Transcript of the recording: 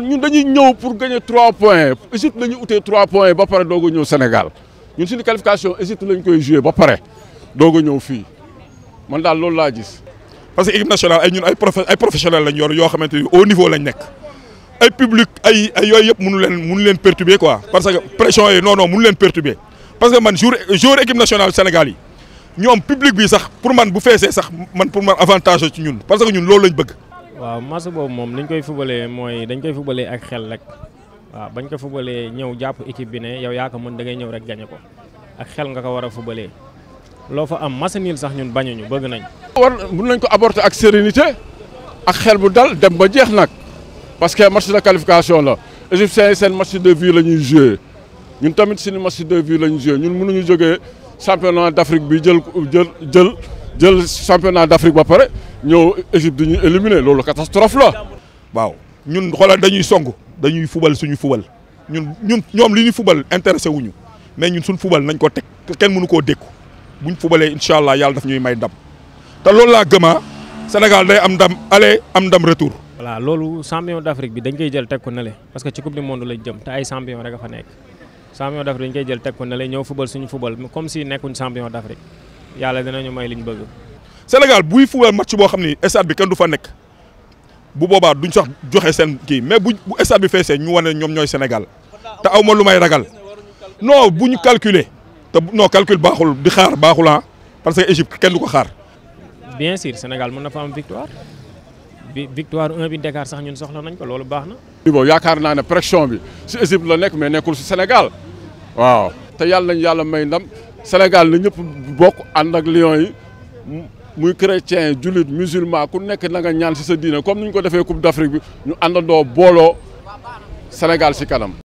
ñun dañuy ñëw pour gagner 3 points Égypte la ñu 3 points ba pare doog ñëw Sénégal ñun suñu qualification Égypte lañ koy jouer ba pare doog a ñëw fii man daal loolu laa gis. parce que équipe nationale ay ñun ay ay professionnels lañ yor yoo au niveau lañ nekk ay public ay ay yooyu yëpp mënu leen perturber quoi parce que pression yi non non mënu leen perturber parce que man jour jour équipe nationale Sénégal yi ñoom public bi sax pour man bu feesee sax man pour man avantage ci ñun parce que ñun loolu lañ bëgg. waaw match boobu moom niñ koy fubalee mooy dañ koy fubalee ak xel rek waaw bañ ko fubalee ñëw jàpp équipe bi ne yow yaa ko mën da ngay ñëw rek gañe ko ak xel nga ko war a fubalee loo fa am match nul sax ñun bañuñu bëgg nañ. war mun nañ ko aborder ak sérénité ak xel bu dal dem ba jeex nag parce que match de qualification la égyptiens yi seen match de vue la ñuy joué ñun tamit suñu match de vue la ñuy joué ñun mënuñu jógee championnat d'Afrique bi jël jël jël championnat d'Afrique ba pare ñëw Égypte di ñu éliminer loolu catastrophe la. waaw ñun xoolal dañuy song dañuy fubal suñu fubal ñun ñun ñoom li ñu fubal intéressé wuñu mais ñun suñu fubal nañ ko teg kenn mënu koo dékku buñ fubalee incha allah yàlla daf ñuy may ndam te loolu laa gëmaa ah, Sénégal day am ndam aller am ndam retour. voilà loolu champion d'Afrique bi dañ koy jël teg ko nale parce que ci coupe du monde la jëm te ay champion rek a fa nekk champion d'Afrique dañ koy jël teg ko nale ñëw suñu fubal comme si nekkuñ champion d'Afrique. yàlla dinañu may liñ bëgg. Sénégal buy fuweel match boo xam ni stade bi kenn du fa nekk bu boobaa duñ sax joxe seen kii mais bu bu stade bi feesee ñu wane ñoom ñooy Sénégal te aw ma lu may ragal no bu ñu calculer te no calcul baaxul di xaar baaxul ah parce que Égypte kenn du ko xaar. bien sûr Sénégal mën na fa am victoire bi victoire un bi Dakar sax ñun soxla nañ ko loolu baax na. bon yaakaar naa ne pression bi si Égypte la nekk mais nekkul si Sénégal waaw te yàlla nañu yàlla may ndam. Sénégal la ñëpp bokk ànd ak lion yi muy chrétien jullit musulman ku nekk na ñaan si sa diina comme ni ñu ko defee Coupe d'Afrique bi ñu àndandoo booloo Sénégal si kanam.